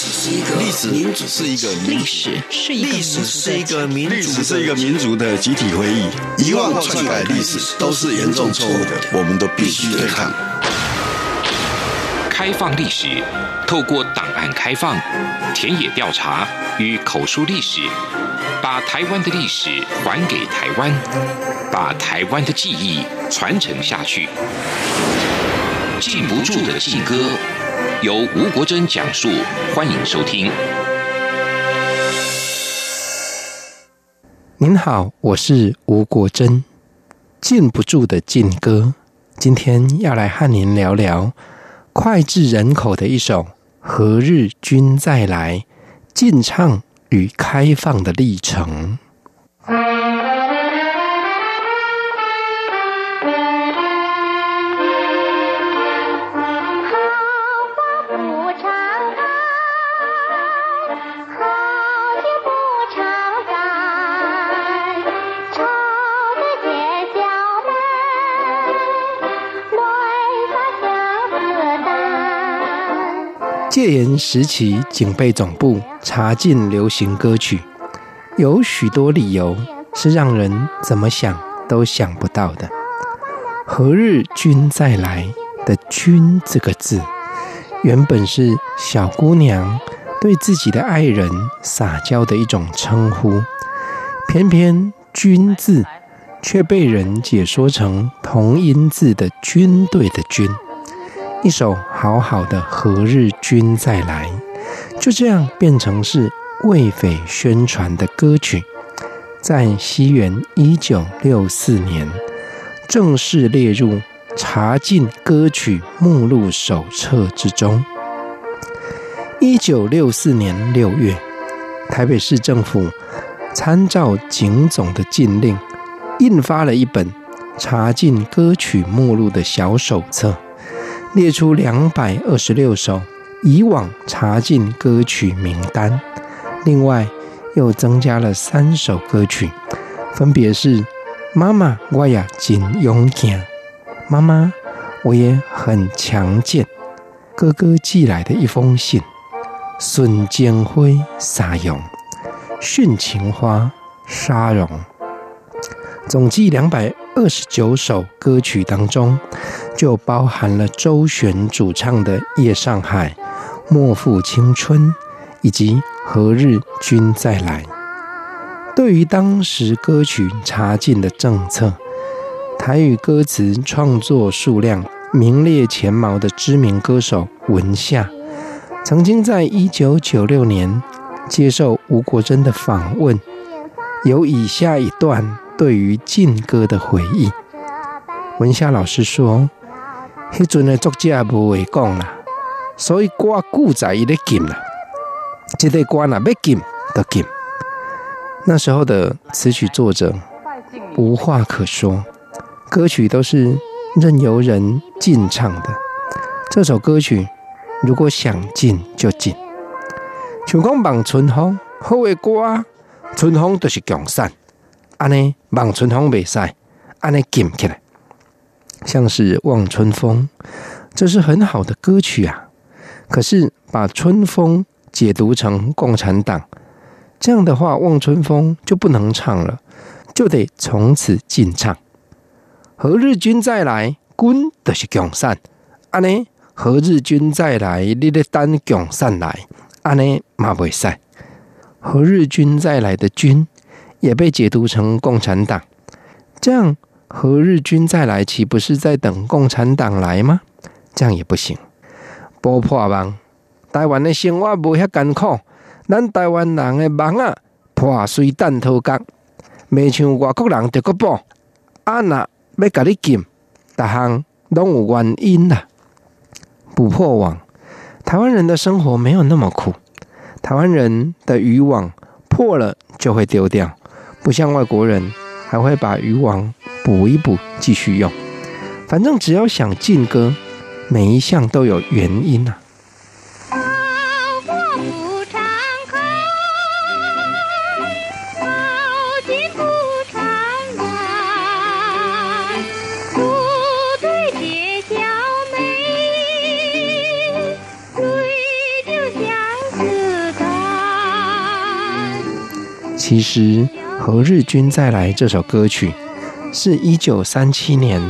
歷史，民族歷，史歷史是一個歷史是一個歷史是一個民族的集體回憶，遺忘或篡改歷史都是嚴重錯誤的，我們都必須得看開放歷史，透過檔案開放、田野調查與口述歷史，把台灣的歷史還給台灣，把台灣的記憶傳承下去。禁不住的禁歌。由吳國珍講述，歡迎收聽。您好，我是吳國珍，禁不住的禁歌，今天要來和您聊聊膾炙人口的一首《何日君再來》的禁唱與開放的歷程。戒嚴時期，警備總部查禁流行歌曲，有許多理由是讓人怎麼想都想不到的。“何日君再來”的“君”這個字，原本是小姑娘對自己的愛人撒嬌的一種稱呼，偏偏“君”字卻被人解說成同音字的軍隊的君“軍”。一首好好的何日君再來，就這樣變成是為匪宣傳的歌曲，在西元一九六四年正式列入查禁歌曲目錄手冊之中。一九六四年六月，台北市政府參照警總的禁令，印發了一本查禁歌曲目錄的小手冊。列出兩百二十六首以往查禁歌曲名單，另外又增加了三首歌曲，分別是《媽媽我也很勇敢》媽媽《媽媽我也很強健》《哥哥寄來的一封信》《孫建輝沙勇》《殉情花沙勇》，總計兩百。二十九首歌曲當中，就包含了周璇主唱的《夜上海》、《莫負青春》以及《何日君再來》。對於當時歌曲查禁的政策，台語歌詞創作數量名列前茅的知名歌手文夏，曾經在一九九六年接受吳國珍的訪問，有以下一段。對於禁歌的回憶，文夏老師說：“迄陣的作家不會講，所以歌固在他禁啦，一直關啦，別禁。那時候的詞曲作者無話可說，歌曲都是任由人禁唱的。這首歌曲如果想禁就禁，像說望春風，好的歌，春風都是江山，按呢望春風不會使，安尼禁起來，像是望春風，這是很好的歌曲啊。可是把春風解讀成共產黨，這樣的話望春風就不能唱了，就得從此禁唱。何日君再來，君都是共產，安尼何日君再來，日日等共產來，安尼馬不會使。何日君再來的君。也被解讀成共產黨，這樣何日君再來，豈不是在等共產黨來嗎？這樣也不行。補破網，台灣的生活無遐艱苦，咱台灣人的網啊破，雖彈頭鋼，沒像外國人得國破。阿啊，要甲你禁，逐項，攏有原因啦、啊。補破網，台灣人的生活沒有那麼苦，台灣人的漁網破了就會丟掉。不像外國人，還會把漁網補一補，繼續用。反正只要想禁歌，每一項都有原因吶、啊。好、啊、花不常開，好、啊、景不常在。不醉解笑眉，醉酒消思其實。何日君再來，這首歌曲是一九三七年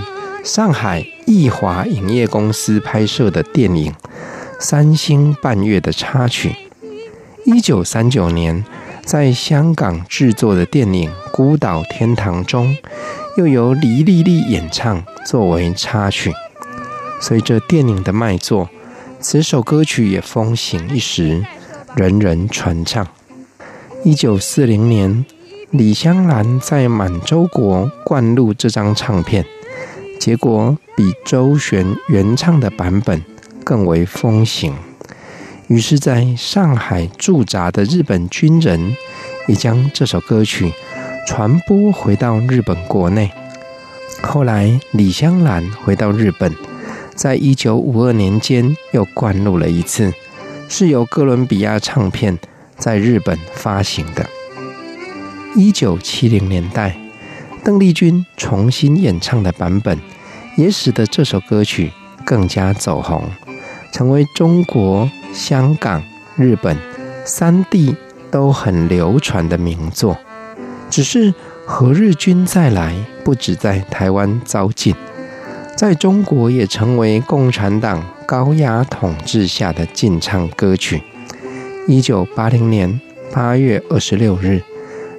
上海藝華影業公司拍攝的電影《三星伴月》的插曲。一九三九年在香港製作的電影《孤島天堂》中，又由黎莉莉演唱作為插曲。隨着電影的賣座，此首歌曲也風行一時，人人傳唱。一九四零年。李香蘭在滿洲國灌錄這張唱片，結果比周璇原唱的版本更為風行。於是，在上海駐紮的日本軍人也將這首歌曲傳播回到日本國內。後來，李香蘭回到日本，在一九五二年間又灌錄了一次，是由哥倫比亞唱片在日本發行的。一九七零年代，鄧麗君重新演唱的版本，也使得這首歌曲更加走紅，成為中國、香港、日本三地都很流傳的名作。只是《何日君再來》不止在台灣遭禁，在中國也成為共產黨高壓統治下的禁唱歌曲。一九八零年八月二十六日。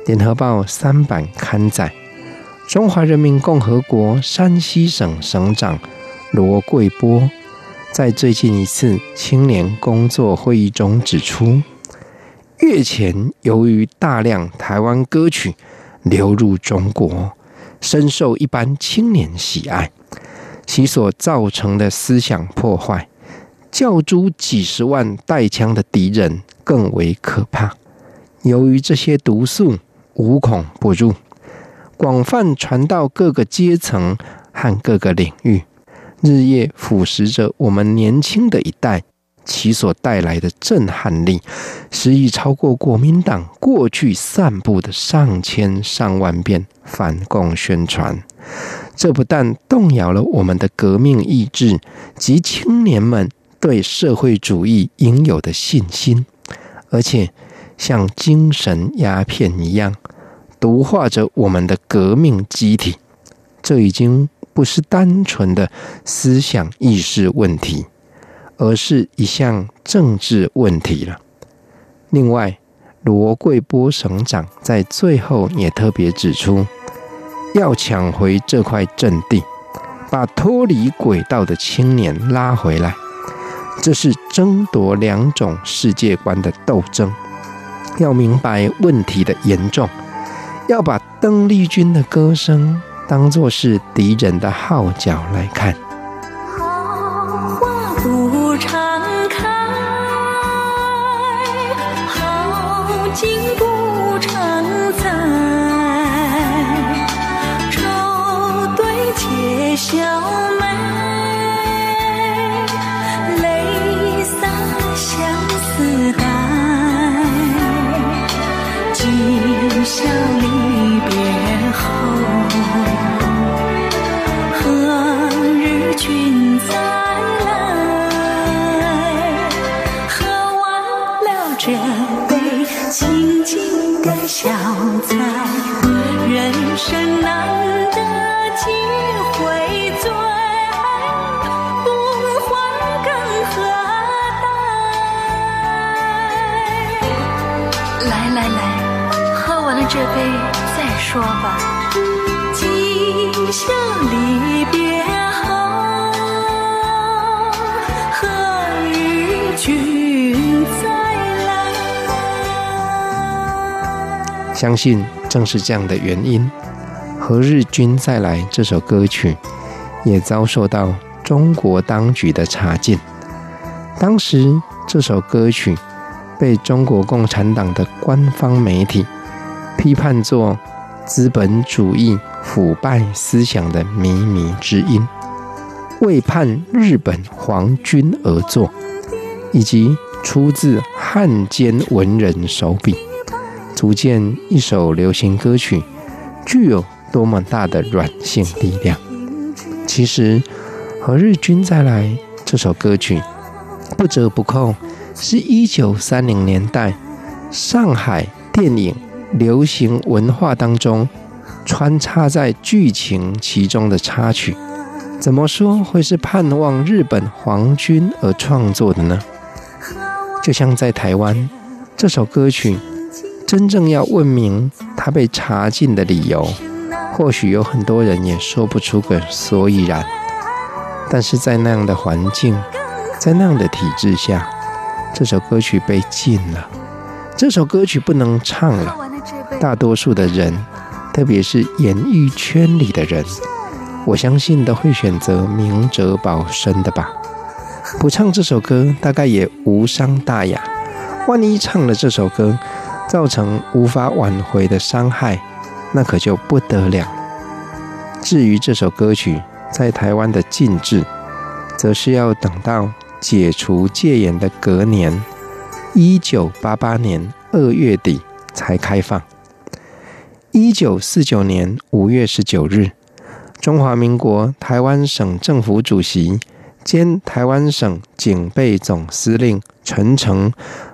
聯合報三版刊載，中華人民共和國山西省省長羅貴波在最近一次青年工作會議中指出，月前由於大量台灣歌曲流入中國，深受一般青年喜愛，其所造成的思想破壞，較諸幾十萬帶槍的敵人更為可怕。由於這些毒素。無孔不入，廣泛傳到各個階層和各個領域，日夜腐蝕着我們年輕的一代。其所帶來的震撼力，實已超過國民黨過去散布的上千上萬遍反共宣傳。這不但動搖了我們的革命意志及青年們對社會主義應有的信心，而且。像精神鴉片一樣毒化着我們的革命機體，這已經不是單純的思想意識問題，而是一項政治問題了。另外，羅貴波省長在最後也特別指出，要搶回這塊陣地，把脫離軌道的青年拉回來，這是爭奪兩種世界觀的鬥爭。要明白問題的嚴重，要把鄧麗君的歌聲當作是敵人的號角來看。人生難得幾回醉，不歡更何待？來來來，喝完了這杯再說吧。相信正是這樣的原因，《何日君再來》這首歌曲也遭受到中國當局的查禁。當時，這首歌曲被中國共產黨的官方媒體批判作資本主義腐敗思想的靡靡之音，為盼日本皇軍而作，以及出自漢奸文人手筆。組建一首流行歌曲，具有多麼大的軟性力量？其實，《何日君再來》這首歌曲，不折不扣是一九三零年代上海電影流行文化當中穿插在劇情其中的插曲。怎麼說會是盼望日本皇軍而創作的呢？就像在台灣，這首歌曲。真正要問明他被查禁的理由，或許有很多人也說不出個所以然。但是在那樣的環境，在那樣的體制下，這首歌曲被禁了，這首歌曲不能唱了。大多數的人，特別是演藝圈裡的人，我相信都會選擇明哲保身的吧。不唱這首歌大概也無傷大雅，萬一唱了這首歌，造成無法挽回的傷害，那可就不得了。至於這首歌曲在台灣的禁制，則是要等到解除戒嚴的隔年，一九八八年二月底才開放。一九四九年五月十九日，中華民國台灣省政府主席兼台灣省警備總司令陳誠。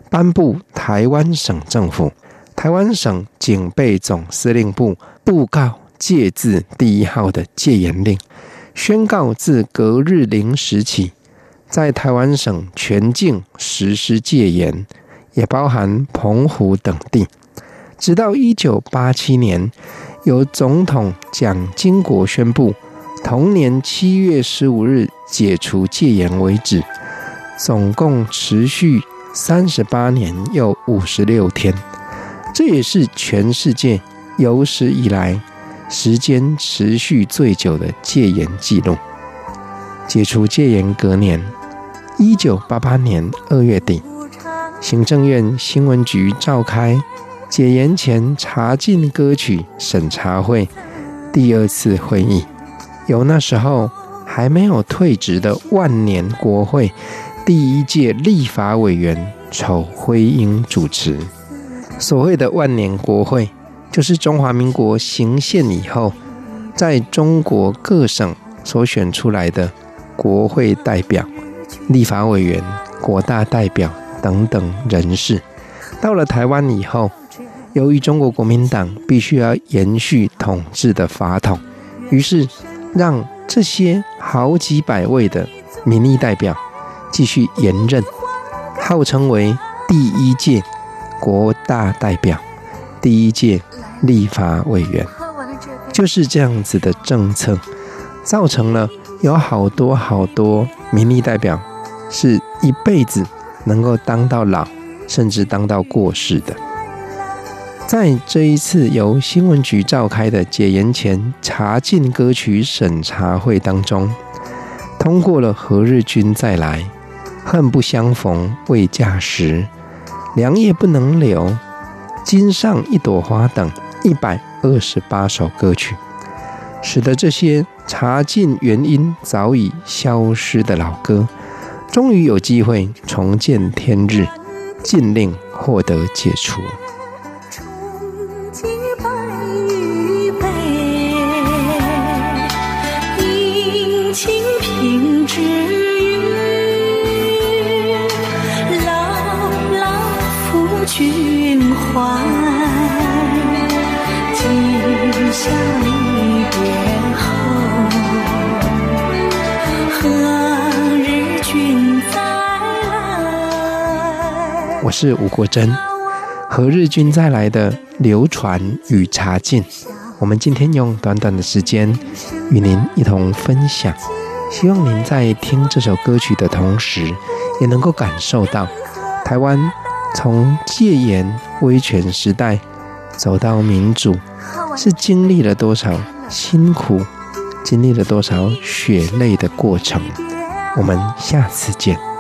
頒布臺灣省政府、臺灣省警備總司令部布告戒字第一號的戒嚴令，宣告，自隔日零時起，在臺灣省全境實施戒嚴，也包含澎湖等地。直到1987年，由總統蔣經國宣布，同年7月15日解除戒嚴為止，總共持續。三十八年又五十六天，這也是全世界有史以來時間持續最久的戒嚴記錄。解除戒嚴隔年，一九八八年二月底，行政院新聞局召開解嚴前查禁歌曲審查會第二次會議，由那時候還沒有退職的萬年國會第一屆立法委員丑輝英主持。所謂的萬年國會，就是中華民國行憲以後，在中國各省所選出來的國會代表、立法委員、國大代表等等人士，到了台灣以後，由於中國國民黨必須要延續統治的法統，於是讓這些好幾百位的民意代表，繼續延任，號稱為第一屆國大代表、第一屆立法委員，就是這樣子的政策，造成了有好多好多民意代表是一輩子能夠當到老，甚至當到過世的。在這一次由新聞局召開的解嚴前查禁歌曲審查會當中，通過了何日君再來、《恨不相逢未嫁時》，《良夜不能留》，《襟上一朵花》等一百二十八首歌曲，使得這些查禁原因早已消失的老歌，終於有機會重見天日，禁令獲得解除。向你問好，何日君再來？我是吳國珍，《何日君再來》的流傳與查禁。我們今天用短短的時間與您一同分享，希望您在聽這首歌曲的同時，也能夠感受到台灣從戒嚴威權時代。走到民主，是經歷了多少辛苦，經歷了多少血淚的過程。我們下次見。